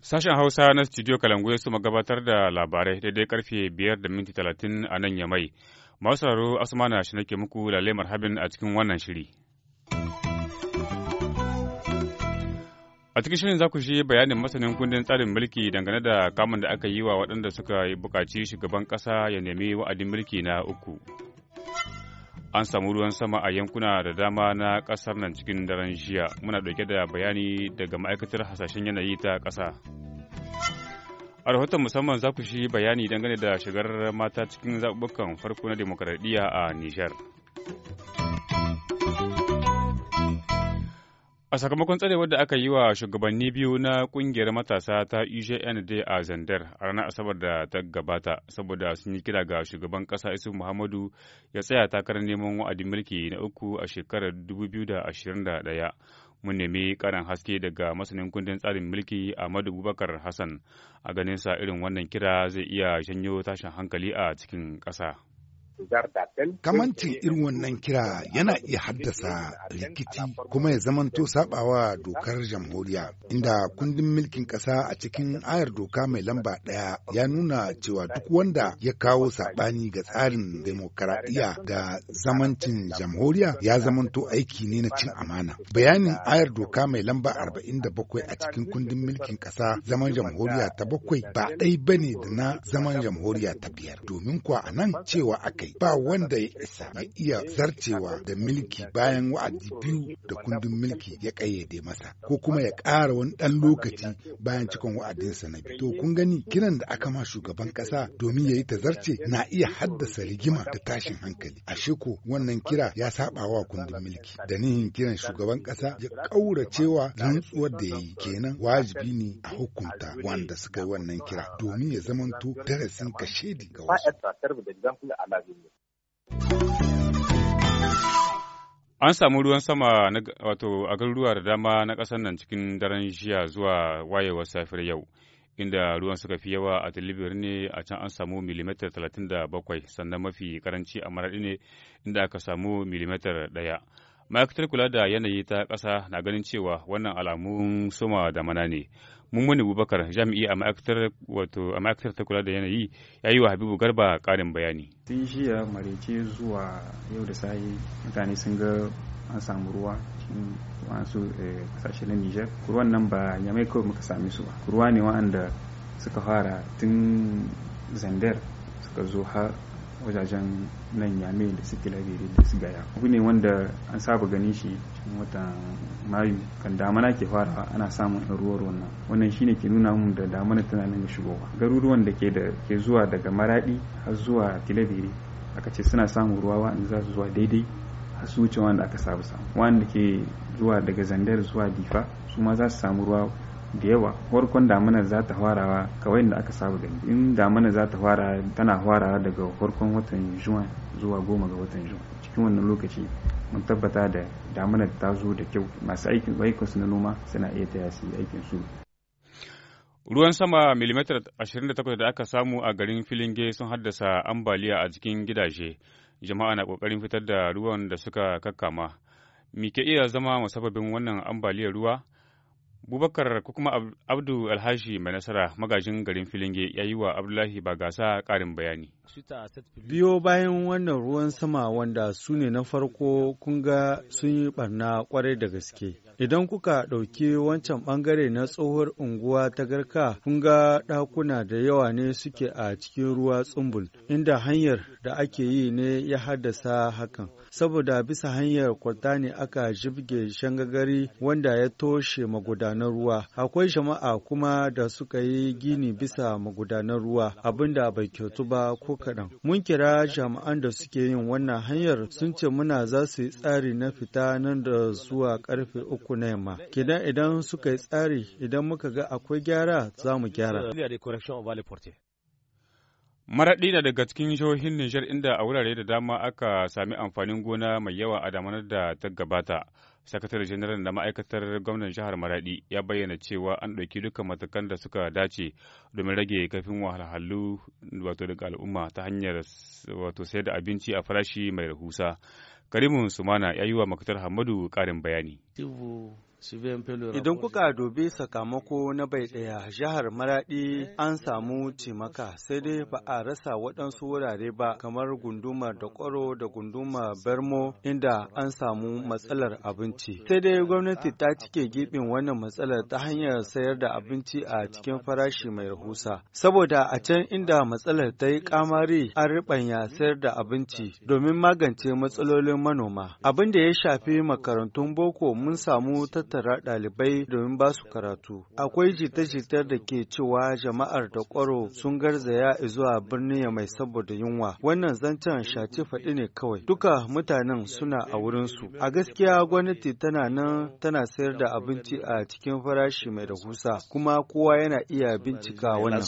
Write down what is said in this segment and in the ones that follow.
Sashen Hausa na studio Kalangu ya suma gabatar da labarai daidai karfe biyar da minti talatin a nan ya mai Masu sauraro Asmana shi nake muku lalemar habin a cikin wannan shiri. A cikin shirin za ku shi bayanin masanin kundin tsarin mulki dangane da kamun da aka yi wa waɗanda suka buƙaci shugaban ƙasa ya nemi wa'adin mulki na uku. An samu ruwan sama a yankuna da dama na ƙasar nan cikin daren jiya. Muna ɗauke da bayani daga ma'aikatar hasashen yanayi ta ƙasa. A rahoton musamman za ku shi bayani dangane da shigar mata cikin zaɓuɓɓukan farko na demokaradiyya a Nijar. A sakamakon tsare wadda aka yi wa shugabanni biyu na kungiyar matasa ta UJND e a Zandar a ranar Asabar da ta gabata saboda sun yi kira ga shugaban ƙasa Isu Muhammadu ya tsaya takarar neman wa'adin mulki na uku a shekarar 2021. Mun nemi ƙarin haske daga masanin kundin tsarin mulki Ahmadu Bubakar Hassan a ganin sa irin wannan kira zai iya janyo tashin hankali a cikin ƙasa. Kamancin irin wannan kira yana iya haddasa rikici kuma ya zamanto sabawa dokar jamhuriya inda kundin Milkin ƙasa a cikin ayar doka mai lamba ɗaya ya nuna cewa duk wanda ya kawo saɓani ga tsarin demokaradiyya da zamancin jamhuriya ya zamanto aiki ne na cin amana. Bayanin ayar doka mai lamba 47 a cikin kundin Milkin kasa zaman jamhuriya ta bakwai ba ɗai bane da na zaman jamhuriya ta biyar domin kuwa a nan cewa aka kai ba wanda ya isa eh, ya iya zarcewa da milki bayan wa'adi biyu da kundin milki ya kayyade masa ko kuma ya ƙara wani ɗan lokaci bayan cikon wa'adinsa na biyu to kun gani kiran da aka ma shugaban ƙasa domin ya yi ta zarce na iya haddasa rigima da tashin hankali a shiko wannan kira ya saba wa kundin milki da nihin kiran shugaban ƙasa ya ƙauracewa rantsuwar da ya yi kenan wajibi ne a hukunta wanda suka yi wannan kira domin ya zamanto darasin kashedi ga wasu. An samu ruwan sama wato a garuruwa da dama na ƙasar nan cikin daren jiya zuwa wayewar safiyar yau, inda ruwan suka fi yawa a Tilibir ne a can an samu milimetar talatin da bakwai sannan mafi karanci a Maradi ne inda aka samu milimetar ɗaya. ma'aikatar kula da yanayi ta ƙasa na ganin cewa wannan alamun soma da mana ne mummuni bubakar jami'i a ma'aikatar wato a ma'aikatar ta kula da yanayi ya yi wa habibu garba ƙarin bayani tun jiya marece zuwa yau da sahi mutane sun ga an samu ruwa cikin wasu kasashe eh, na niger ruwan nan ba yamai mai kawai muka sami su ba ruwa ne wa'anda suka fara tun zandar suka zo har wajajen nan yame da su labirin da su gaya abu ne wanda an saba ganin shi cikin watan mayu kan damana ke farawa ana samun ruwar wannan wannan shine ke nuna mun da damana tana nan shigowa garuruwan da ke da ke zuwa daga maradi har zuwa kilabiri aka ce suna samun ruwa wa za su zuwa daidai har su wuce wanda aka samu samu wanda ke zuwa daga zandar zuwa difa su ma za su samu ruwa da yawa farkon damana za ta farawa kawai da aka saba gani in damana za ta fara tana farawa daga farkon watan juwan zuwa goma ga watan juwan cikin wannan lokaci mun tabbata da damanar ta zo da kyau masu aikin aikinsu na noma suna iya ta yasi aikin su ruwan sama milimetar 28 da aka samu a garin filinge sun haddasa ambaliya a cikin gidaje jama'a na kokarin fitar da ruwan da suka kakkama me ke iya zama musababin wannan ambaliyar ruwa Bubakar ko kuma Abdu Alhaji mai nasara magajin garin Filinge ya yi wa Abdullahi Bagasa ƙarin bayani. Biyo bayan wannan ruwan sama wanda su ne na farko kun ga sun yi barna kwarai da gaske. Idan kuka ɗauki wancan ɓangare na tsohuwar unguwa ta garka kun ga ɗakuna da yawa ne suke a cikin ruwa tsumbul inda hanyar da ake yi ne ya haddasa hakan. saboda bisa hanyar kwalta ne aka jibge shangagari wanda ya toshe magudanar ruwa akwai jama'a kuma da suka yi gini bisa magudanar ruwa abinda bai kyautu ba ko kaɗan mun kira jama'an da suke yin wannan hanyar sun ce muna za su yi tsari na fita nan da zuwa karfe uku na yamma kidan idan suka yi tsari idan muka ga akwai gyara za mu gyara Maraɗi na daga cikin jihohin Nijar inda a wurare da dama aka sami amfanin gona mai yawa a damanar da ta gabata. Sakatare general na ma'aikatar gwamnan jihar Maraɗi ya bayyana cewa an ɗauki dukkan matakan da suka dace domin rage kafin wahalhalu wato daga al'umma ta hanyar wato sayar da abinci a farashi mai rahusa. Karimun Sumana ya yi wa Makatar Hamadu ƙarin bayani. Idan kuka dubi sakamako na bai ɗaya jihar Maradi an samu cimaka sai dai ba a rasa waɗansu wurare ba kamar gunduma da kwaro da gunduma Bermo inda an samu matsalar abinci. Sai dai gwamnati ta cike gibin wannan matsalar ta hanyar sayar da abinci a cikin farashi mai rahusa. Saboda a can inda matsalar ta yi kamari an riɓanya sayar da abinci domin magance matsalolin manoma. Abin da ya shafi makarantun boko mun samu tattalin tattara ɗalibai domin ba su karatu. Akwai jita-jitar da ke cewa jama'ar da ƙwaro sun garzaya zuwa birnin mai saboda yunwa. Wannan zancen shaci faɗi ne kawai. Duka mutanen suna a wurinsu. A gaskiya gwamnati tana nan tana sayar da abinci a cikin farashi mai rahusa kuma kowa yana iya bincika wannan.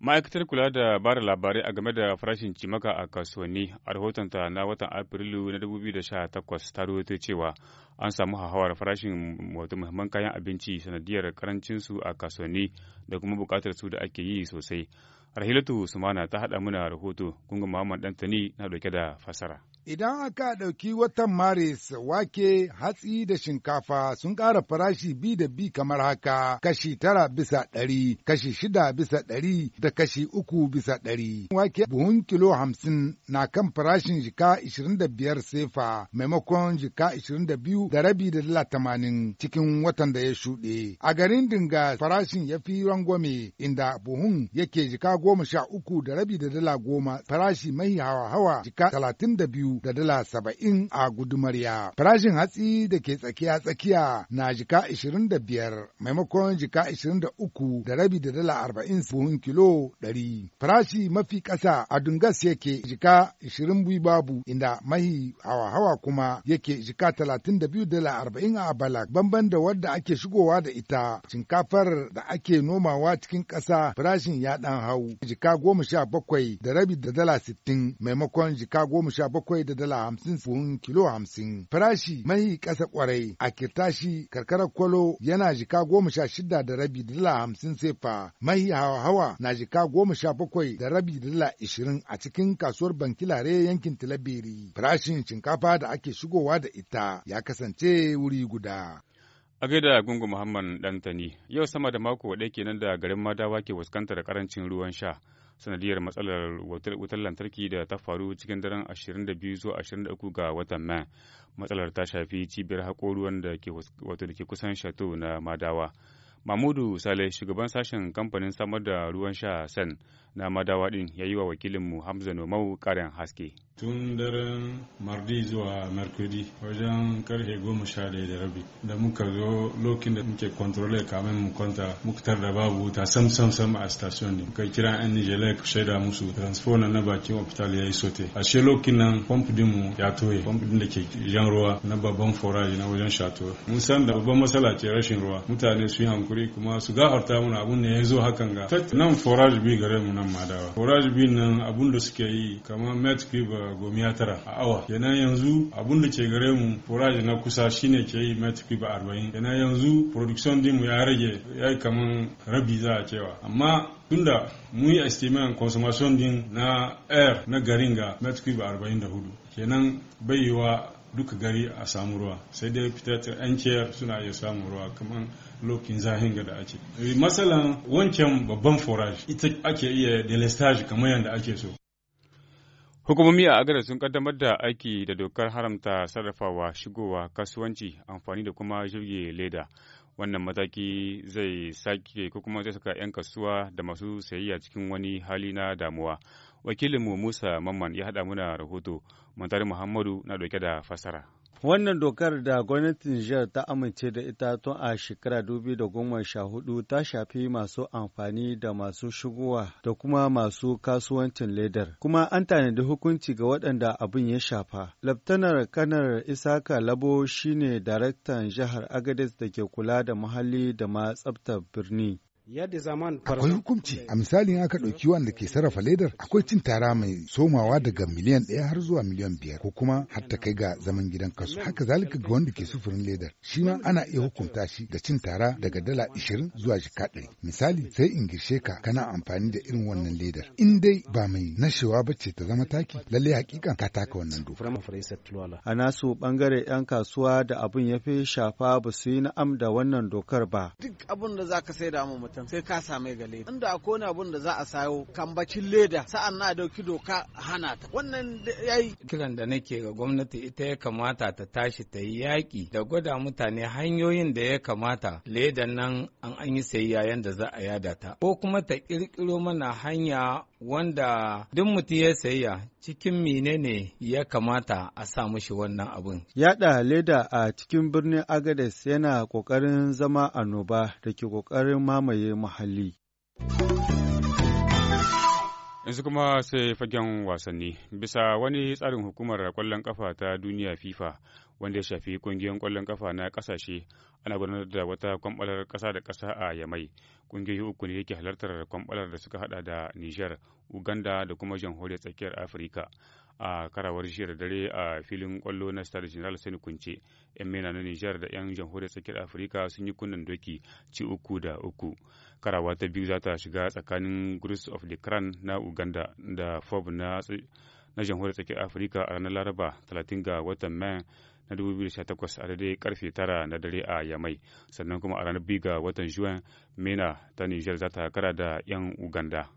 Ma'aikatar kula da bada labarai a game da farashin cimaka a kasuwanni a rahotonta na watan Afrilu na 2018 ta rahoto cewa an samu hauhawar farashin wato muhimman kayan abinci sanadiyar karancinsu a kasuwanni da kuma bukatar su da ake yi sosai. Rahilatu Sumana ta haɗa muna rahoto, kunga Muhammad tani na ɗauke da fasara. Idan aka ɗauki watan Maris wake, hatsi da shinkafa sun ƙara farashi bi da bi kamar haka kashi tara bisa ɗari, kashi shida bisa ɗari da kashi uku bisa ɗari. Wake buhun kilo hamsin na kan farashin jika ishirin da biyar sefa maimakon jika ishirin da biyu da rabi da dala tamanin cikin watan da ya shuɗe. A garin Dinga farashin ya fi rangwame inda buhun yake jika goma sha uku da rabi da dala goma farashi mai hawa hawa jika talatin da biyu da dala saba'in a gudumarya. Farashin hatsi da ke tsakiya tsakiya na jika ishirin da biyar maimakon jika ishirin da uku da rabi da dala arba'in buhun kilo ɗari. Farashi mafi ƙasa a dungas yake jika ishirin bui babu inda mahi hawa hawa kuma yake jika talatin da biyu dala arba'in a balak bamban da wadda ake shigowa da ita shinkafar da ake nomawa cikin ƙasa farashin ya ɗan hau jika goma sha bakwai da rabi da dala sittin maimakon jika goma sha bakwai da dala hamsin buhun kilo hamsin. Farashi mai ƙasa kwarai a kirtashi karkarar kwalo yana jika goma sha shida da rabi da dala hamsin sefa mai hawa na jika goma sha bakwai da rabi da dala ishirin a cikin kasuwar bankilare yankin tilabiri. Farashin shinkafa da ake shigowa da ita ya kasance wuri guda. A gaida gungu Muhammad Dantani, yau sama da mako ɗaya kenan da garin Madawa ke fuskantar karancin ruwan sha sanadiyar matsalar wutar lantarki da ta faru cikin daren 22 zuwa 23 ga watan Mai. Matsalar ta shafi cibiyar haƙo ruwan da ke kusan shato na Madawa. Mamudu sale shugaban sashen kamfanin samar da ruwan sha Sen na madawa din ya yi wa wakilinmu Hamza Nomau karen haske. Tun daren Mardi zuwa mercury wajen karfe goma sha da da rabi da muka zo lokacin da muke kontrole kamin mu kwanta muka da babu ta sam sam sam a station ne. Muka kira yan Nijela ku shaida musu transfona na bakin hospital ya yi sote. A she lokacin nan pomp din mu ya toye pomp din da ke jan ruwa na babban forage na wajen shato. Mun san da babban matsala ce rashin ruwa mutane su yi kuskure kuma su gafarta mana abun da ya zo hakan ga nan forage bi gare mu nan madawa forage bi nan abun da suke yi kamar met ba uh, gomiya tara a awa kenan yanzu abun da ke gare mu forage na kusa shine ke yi met ba arba'in kenan yanzu production din mu ya rage ya yi kamar rabi za a cewa amma tunda mun yi estimation consumption din na air na garinga met cube 44 kenan bai yiwa duka gari a samu ruwa sai dai fitattar yan ciyar suna iya samun ruwa kamar lokin zahinga da ake eh, matsalan wancan babban forage ita ake iya delestage kamar yadda ake so Hukumomi a Agadar sun kaddamar da aiki da dokar haramta sarrafawa, shigowa, kasuwanci, amfani da kuma jirge leda. Wannan mataki zai sake ko kuma zai saka 'yan kasuwa da masu sayayya cikin wani hali na damuwa. wakilinmu musa mamman ya haɗa muna rahoto Matar muhammadu na ɗauke da fasara Wannan dokar da gwamnatin Nijar ta amince da ita tun a shekara goma hudu ta shafi masu amfani da masu shigowa da kuma masu kasuwancin ledar. Kuma an tanadi hukunci ga waɗanda abin ya shafa. Laftanar Kanar Isaka Labo shine daraktan jihar Agadez da ke kula da muhalli da ma tsabtar birni. zaman Akwai hukunci a misalin aka ɗauki wanda ke sarrafa ledar akwai cin tara mai somawa daga miliyan ɗaya har zuwa miliyan biyar ko kuma har ta kai ga zaman gidan kasu. Haka zalika ga wanda ke sufurin ledar shi ma ana iya hukunta shi da cin tara daga dala ishirin zuwa jika ɗari. Misali sai in girshe ka kana amfani da irin wannan ledar. In dai ba mai nashewa ba ce ta zama taki lalle hakika ka taka wannan doka. A nasu bangare 'yan kasuwa da abin ya fi shafa ba su yi na'am da wannan dokar ba. Duk abin da za ka sai da mu tam sai ka same ga leda inda akwai wani abun da za a sayo kambacin leda sa'an na dauki doka hana ta wannan yayi kiran da nake ga gwamnati ita ya kamata ta tashi ta yi yaƙi da gwada mutane hanyoyin da ya kamata ledan nan an an yi sayayya da za a yada ta ko kuma ta ƙirƙiro mana hanya wanda duk mutum ya sayayya cikin menene ya kamata a sa mashi wannan abin. Yaɗa leda a cikin birnin Agades yana ƙoƙarin zama annoba da ke ƙoƙarin mamaye muhalli. yanzu kuma sai fagen wasanni bisa wani tsarin hukumar kwallon ƙafa ta duniya fifa wanda ya shafi kungiyoyin kwallon kafa na kasashe ana gudanar da wata kwambalar kasa da kasa a yamai kungiyoyi uku ne yake halartar kwambalar da suka hada da niger uganda da kuma jamhuriyar tsakiyar afirka a karawar jiya dare a filin kwallo na stade general sani kunce yan mena na niger da yan jamhuriyar tsakiyar afirka sun yi kunnen doki ci uku da uku karawa ta biyu za ta shiga tsakanin groups of the crown na uganda da fob na na jamhuriyar tsakiyar afirka a ranar laraba 30 ga watan mai na 2018 a daidai karfe 9 na dare a Yamai. Sannan kuma a ranar biga watan juin Mena ta Nijar za ta kara da 'yan Uganda.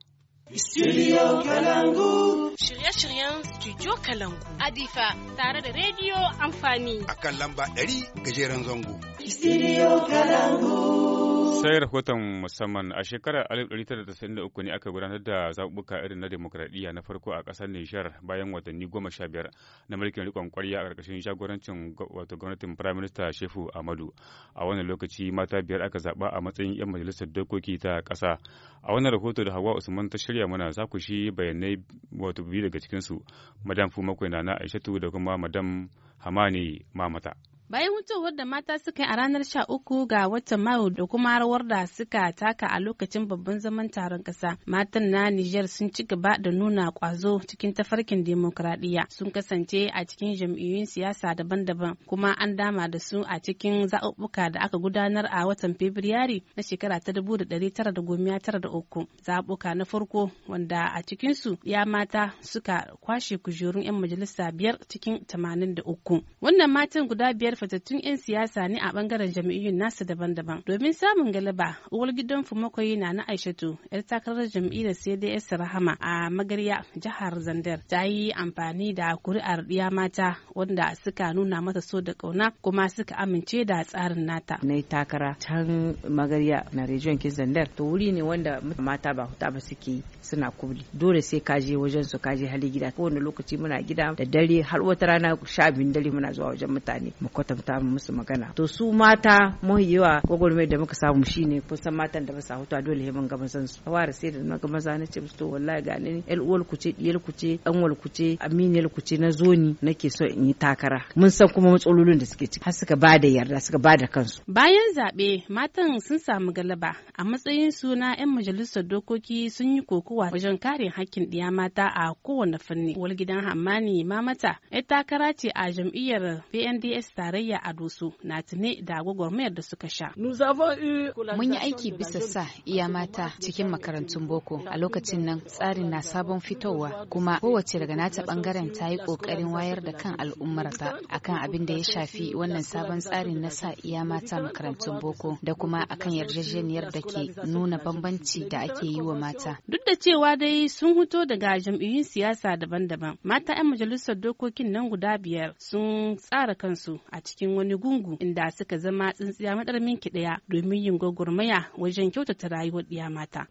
Studio Kalangu. Shirye-shiryen Studio Kalangu. Adifa tare da rediyo amfani. A kan lamba 100 gajeren zango. Studio Kalangu. sai rahoton musamman a shekarar 1993 ne aka gudanar da zaɓuɓɓuka irin na demokradiyya na farko a ƙasar Nijar bayan watanni goma sha biyar na mulkin riƙon ƙwarya a ƙarƙashin jagorancin wato gwamnatin Prime Minister Shehu amadu A wannan lokaci mata biyar aka zaɓa a matsayin 'yan majalisar dokoki ta ƙasa. A wannan rahoton da Hawa Usman ta shirya mana za ku shi bayanai wato biyu daga cikinsu Madam Fumakwai na Aishatu da kuma Madam Hamani Mamata. Bayan hutuwar da mata suka yi a ranar sha uku ga watan Mayu da kuma rawar da suka taka a lokacin babban zaman taron ƙasa, matan na Nijar sun ci gaba da nuna ƙwazo cikin tafarkin demokradiyya. Sun kasance a cikin jam'iyyun siyasa daban-daban kuma an dama da su a cikin zaɓuɓɓuka da aka gudanar a watan Fabrairu na shekara ta 1993. Zaɓuka na farko wanda a cikinsu ya mata suka kwashe kujerun 'yan majalisa biyar cikin 83. Wannan matan guda biyar fitattun 'yan siyasa ne a bangaren jam'iyyun nasa daban-daban. Domin samun galaba, uwar gidan Fumakoyi na na Aishatu, 'yar takarar jam'iyyar CDS Rahama a Magarya, jihar Zandar, ta yi amfani da kuri'ar ɗiya mata wanda suka nuna mata so da ƙauna kuma suka amince da tsarin nata. Na yi takara can Magarya na Region Zandar, to wuri ne wanda mata ba huta ba suke yi suna kubli. Dole sai ka je wajen su ka je hali gida. Kowane lokaci muna gida da dare har wata rana sha biyu dare muna zuwa wajen mutane mu makwatanta musu magana to su mata yawa gwagwarmai da muka samu shine kusan matan da ba sa a dole mun ga mazan su awara sai da naga maza na ce to wallahi ga ni el uwal ku ce diyal ku ce anwal ku ce aminiyal ku ce na zoni nake so in yi takara mun san kuma matsalolin da suke ciki har suka ba da yarda suka ba da kansu bayan zabe matan sun samu galaba a matsayin su na yan majalisar dokoki sun yi kokowa wajen kare hakkin diya mata a kowane fanni wal gidan hammani mamata yar takara ce a jam'iyyar PNDS tare tarayya a dusu na tuni da gwagwarmayar da suka sha. Mun yi aiki bisa sa iya mata cikin makarantun boko a lokacin nan tsarin na sabon fitowa kuma kowace daga nata bangaren ta yi kokarin wayar da kan al'ummarta akan abin da ya shafi wannan sabon tsarin na sa iya mata makarantun boko da kuma akan yarjejeniyar da ke nuna bambanci da ake yi wa mata. Duk da cewa dai sun huto daga jam'iyyun siyasa daban-daban mata 'yan majalisar dokokin nan guda biyar sun tsara kansu a cikin wani gungu inda suka zama tsintsiya madarmin kiɗaya domin yin gwagwarmaya wajen kyautata rayuwar ɗiya mata.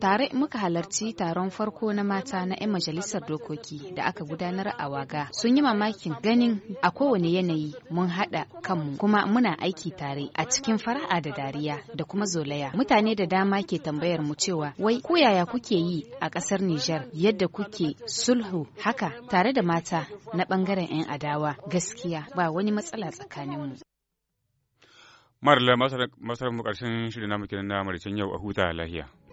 Tare muka halarci taron farko na mata na 'yan majalisar dokoki da aka gudanar a waga. Sun yi mamakin ganin a kowane yanayi mun haɗa kanmu kuma muna aiki tare a cikin fara'a da dariya da kuma zolaya. Mutane da dama ke tambayar mu cewa wai ko yaya kuke yi a ƙasar Nijar yadda kuke sulhu haka tare da mata na ɓangaren 'yan adawa gaskiya ba wani matsala tsakaninmu. Marla, masarar mu ƙarshen shirin namu kenan na maricin yau a huta lahiya.